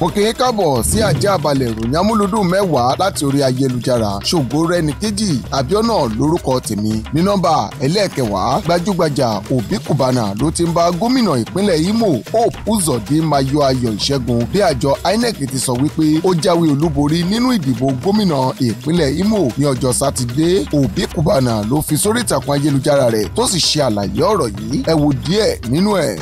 mo kì í káàbọ̀ sí ajá balẹ̀ ìròyìn amúlùdùn mẹ́wàá láti orí ayélujára ṣògo rẹni kejì abiona lórúkọ tèmi ní nọ́mbà ẹlẹ́ẹ̀kẹwàá gbajúgbajà òbí kùbánà ló ti ń bá gómìnà ìpínlẹ̀ imo hope uzodinma yọ ayọ̀ ìṣẹ́gun bí àjọ inec ti sọ wípé ó jáwé olúborí nínú ìdìbò gómìnà ìpínlẹ̀ imo ní ọjọ́ sátidé òbí kùbánà ló fi sórí ìtàkùn ayélujára rẹ̀ tó sì ṣe àlàyé ọ̀rọ̀ yìí ẹ wò díẹ̀ nínú ẹ̀.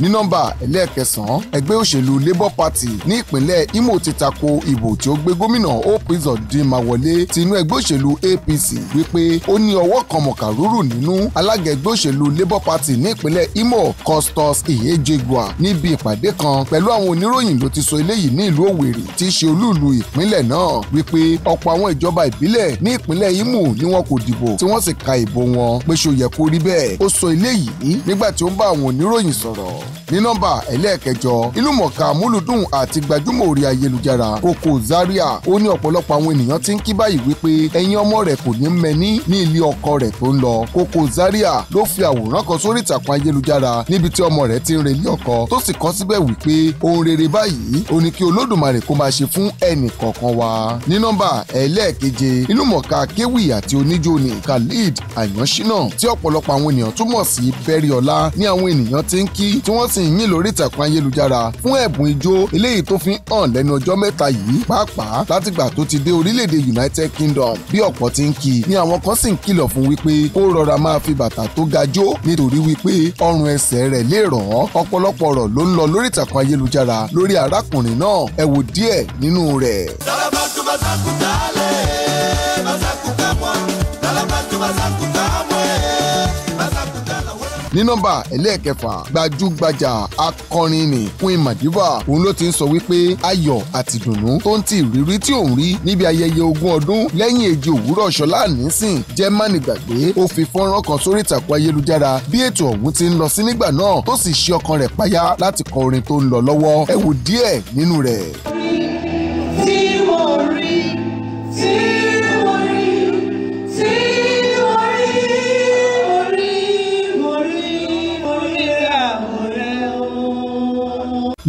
ní nọ́mbà ẹlẹ́ẹ̀kẹsàn-án ẹgbẹ́ òṣèlú labour party ní ìpínlẹ̀ imo ti tako ìbò tí ó gbé gómìnà opis ọ̀dìmà wọlé ti inú ẹgbẹ́ òṣèlú apc wípé ó ní ọwọ́ kan mọ̀kàrúrù nínú alága ẹgbẹ́ òṣèlú labour party ní ìpínlẹ̀ imo costas ìyẹ́jẹ̀gùà níbi ìpàdé kan pẹ̀lú àwọn oníròyìn ló ti sọ eléyìí ní ìlú òwèrè tí í ṣe olúùlú ìpínlẹ̀ náà wípé ọ̀pọ̀ àwọn ìjọba ìbílẹ̀ ní ìpínlẹ̀ imo ni wọn kò dìbò tí wọ́n sì ka ìbò wọn pé ṣó yẹ kó rí bẹ́ẹ̀ ó sọ eléyìí nígbà tí ó ń bá àwọn oníròyìn sọ̀rọ̀ ní nọ́mbà ẹlẹ́ẹ̀kẹjọ ìlúmọ̀ọ́ká múlùdùn àti gbajúmọ̀ orí ayélujára Koko Zaria ó ní ọ̀pọ̀lọpọ̀ àwọn ènìyàn ti ń kí báyìí wípé ẹ̀yin ọmọ rẹ̀ kò ní mẹ́ni ní ilé ọkọ rẹ̀ tó ń lọ Koko Zaria ló fi àwòrán kan sórí ìtàkùn ayélujára níbi tí ọmọ rẹ̀ ti ń relé ọkọ tó sì kọ́ síbẹ̀ wípé ohun rere báyìí ó ní kí olódùmarè kó máa ṣe fún ẹnì kọ̀ọ̀kan wa ní nọ́mbà ẹlẹ́ẹ̀keje ìlúmọ̀ọ́ká kéwì àti oníjó ni Khalid Àyànṣínà tí ọ̀pọ̀lọpọ̀ àwọn ènìyàn túmọ̀ sí Bẹ́ríọlá ní àwọn ènìyàn ti ń kí tí wọ́n sì ń yìn lórí ìtàkùn ayélujára fún ẹ̀bùn ijó eléyìí tó fi hàn lẹ́nu ọjọ́ mẹ́ta yìí pàápàá látìgbà tó ti dé orílẹ̀-èdè United Kingdom bí ọ̀pọ̀ ti ń kí ni àwọn kan sì ń kìlọ̀ fún wípé kó rọra máa fi bàtà tó ga jó nítorí wípé ọrùn ẹsẹ̀ rẹ̀ lè rọ̀ ọ́ ọ̀pọ̀lọpọ̀ ọ̀rọ̀ ló ń lọ lórí ìtàkùn ayélujára lórí arákùnrin náà ẹ wò díẹ̀ nínú rẹ̀. Talabatu bazakuta ale, bazakuta ní nọ́mbà ẹlẹ́ẹ̀kẹfà gbajúgbajà akọrin ni Queen Madiva òun ló ti ń sọ wípé ayọ̀ àti dùnnú tó ń ti ìrírí tí òun rí níbi ayẹyẹ ogún ọdún lẹ́yìn èjì òwúrọ̀ ṣọlá nísìn jẹ́ mánìgbàgbé ó fi fọ́nrán kan sórí ìtàkùn ayélujára bí ètò ọ̀hún ti ń lọ sí nígbà náà tó sì ṣí ọkàn rẹ̀ páyà láti kọ tó ń lọ lọ́wọ́ ẹ wò díẹ̀ nínú rẹ̀.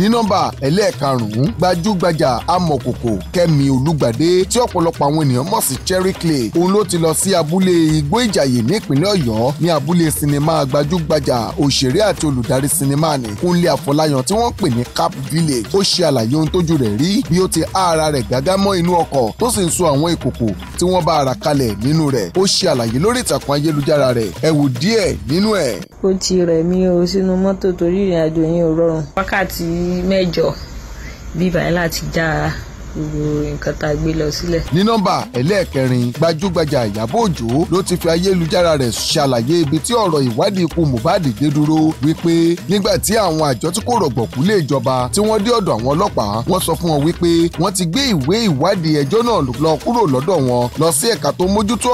ní nọ́mbà ẹlẹ́ẹ̀karùn-ún gbajúgbajà amọ̀kòkò kẹ́mi olùgbàdé tí ọ̀pọ̀lọpọ̀ àwọn ènìyàn mọ̀ sí cherry clay òun ló ti lọ sí abúlé igbó ìjàyè nípínlẹ̀ ọ̀yọ́ ní abúlé sinimá gbajúgbajà òṣèré àti olùdarí sinimá ní kúnlé àfọláyàn tí wọ́n pè ní cap village ó ṣe àlàyé ohun tójú rẹ̀ rí bí ó ti ara rẹ̀ gágá mọ́ inú ọkọ̀ tó sì ń so àwọn ìkòkò tí wọ́n bá ara kalẹ̀ nínú rẹ̀ ó ṣe àlàyé lórí ìtàkùn ayélujára rẹ̀ ẹ wò díẹ̀ nínú ẹ̀. ó ti rẹ̀ mí o sínú mọ́tò torí ìrìn àjò ò rọrùn wákàtí mẹ́jọ bíbáyìí láti dá gbogbo nǹkan tá a gbé lọ sílẹ̀. ní nọ́mbà ẹlẹ́ẹ̀kẹrin gbajúgbajà ìyábọ̀ òjó ló ti fi ayélujára rẹ̀ ṣàlàyé ibi tí ọ̀rọ̀ ìwádìí ikú mohbad dé dúró wípé nígbà tí àwọn àjọ tí kò rọ̀gbọ̀kú lé ìjọba tí wọ́n dé ọ̀dọ̀ àwọn ọlọ́pàá wọ́n sọ fún wọn wípé wọ́n ti gbé ìwé ìwádìí ẹjọ́ náà lọ kúrò lọ́dọ̀ wọn lọ sí ẹ̀ka tó mójútó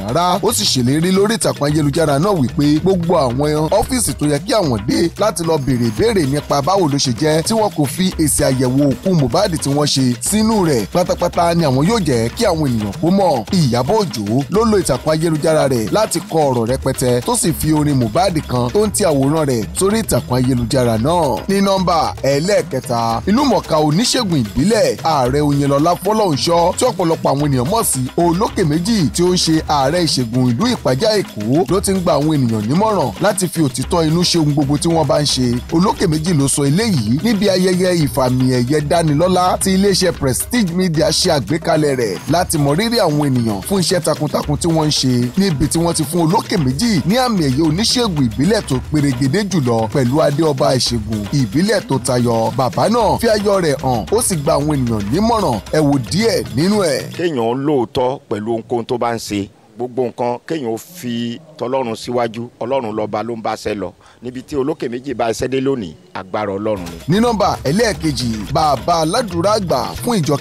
rárá rárá ó sì ṣèlérí lórí ìtàkùn ayélujára náà wípé gbogbo àwọn ọ́fíìsì tó yẹ kí àwọn dé láti lọ béèrè ìbéèrè nípa báwo ló ṣe jẹ́ tí wọn kò fi èsì àyẹ̀wò òkú Mohbad tí wọ́n ṣe sínú rẹ̀ pátápátá ni àwọn yóò jẹ́ kí àwọn ènìyàn kó mọ̀ Ìyábọ̀ Òjó ló lo ìtàkùn ayélujára rẹ̀ láti kọ ọ̀rọ̀ rẹpẹtẹ tó sì fi orin Mohbad kan tó ń ti àwòrán rẹ̀ sórí ìtàkùn ayélujára náà ní nọ́mbà ẹlẹ́ẹ̀kẹta ìlúmọ̀ọ́ká oníṣègùn ìbílẹ̀ ààrẹ Oyinlọlá Fọlọ́runṣọ́ tí ọ̀pọ̀lọpọ̀ àwọn ènìyàn mọ̀ sí olókè méjì tí ó ń ìṣègùn ìlú ìpàjá èkó ló ti ń gba àwọn ènìyàn nímọ̀ràn láti fi òtítọ́ inú ṣe ohun gbogbo tí wọ́n bá ń ṣe olókè méjì ló sọ eléyìí níbi ayẹyẹ ìfàmì ẹ̀yẹ dánilọ́lá tí iléeṣẹ́ prestige media ṣe àgbékalẹ̀ rẹ̀ láti mọ rírì àwọn ènìyàn fún iṣẹ́ takuntakun tí wọ́n ń ṣe níbi tí wọ́n ti fún olókè méjì ní àmì ẹ̀yẹ oníṣègùn ìbílẹ̀ tó perégedé jùlọ pẹ̀lú adé ọba ìṣègùn ìbílẹ̀ tó tayọ bàbá náà fi ayọ̀ rẹ̀ hàn ó sì gba àwọn ènìyàn nímọ̀ràn ẹ díẹ̀ nínú ẹ̀. kéèyàn lóòótọ́ pẹ̀lú ohunkóhun tó bá ń ṣe gbogbo nǹkan kéèyàn ó fi àtọlọ́run síwájú ọlọ́run lọ́ba ló ń bá ṣe lọ níbi tí olókè méjì bá ṣẹ́ dé lónìí agbára ọlọ́run ni. ní nọ́mbà ẹlẹ́ẹ̀kejì bàbá aládùúrà àgbà fún ìjọ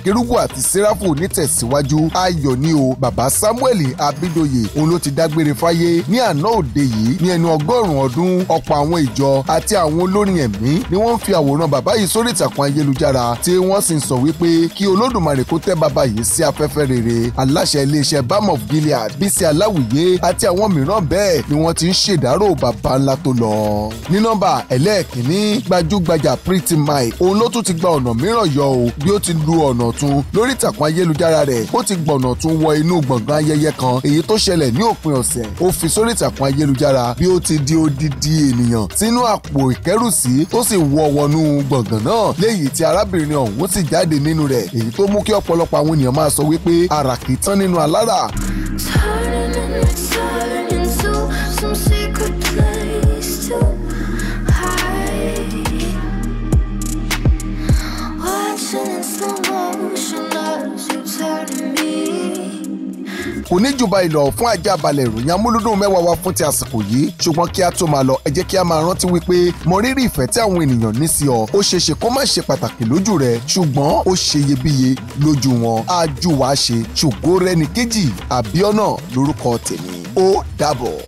àti sẹ́ráfù nítẹ̀síwájú ayọ̀ ni o bàbá samuel abidoye òun ló ti dágbére fáyé ní àná òde yìí ní ẹni ọgọ́rùn-ún ọdún ọ̀pọ̀ àwọn ìjọ àti àwọn olórin ẹ̀mí ni wọ́n ń fi àwòrán bàbá yìí sórí ìtàkùn ayélujára tí wọ́n sì ń sọ wípé kí olódùmarè kó tẹ́ bàbá yìí sí afẹ́fẹ́ rere aláṣẹ iléeṣẹ́ bam of gilead bísí aláwìyé àti àwọn mìíràn bẹ́ẹ̀ ni wọ́n ti ń ṣèdárò bàbá ńlá tó lọ. ní nọ́mbà ẹlẹ́ẹ̀kínní gbajúgbajà Pretty Mike òun ló tún ti gba ọ̀nà mìíràn yọ o bí ó ti lu ọ̀nà tún lórí ìtàkùn ayélujára rẹ̀ ó ti gbọ̀nà tún wọ inú gbọ̀ngàn ayẹyẹ kan èyí tó ṣẹlẹ̀ ní òpin ọ̀sẹ̀ ó fi sórí ìtàkùn ayélujára bí ó ti di odidi ènìyàn sínú àpò ìkẹ́rùsí tó sì wọ wọnú gbọ̀ngàn náà léyìí tí arábìnrin ọ̀hún sì jáde nínú rẹ̀ èyí tó mú kí ọ̀pọ̀lọpọ̀ àwọn ènìyàn máa sọ wípé àràkìtán nínú alára. Turning and turning kò ní jù báyìí lọ fún àjàbalẹ̀ ìròyìn amúlùdùn mẹ́wàá wa fún ti àsìkò yìí ṣùgbọ́n kí a tó máa lọ ẹ jẹ́ kí a máa rántí wípé mọrírì ìfẹ́ tí àwọn ènìyàn ní sí ọ ó ṣeéṣe kó má ṣe pàtàkì lójú rẹ ṣùgbọ́n ó ṣe iyebíye lójú wọn á jù wá ṣe ṣògo rẹ ní kejì àbíọ́nà lórúkọ tèmi. or double.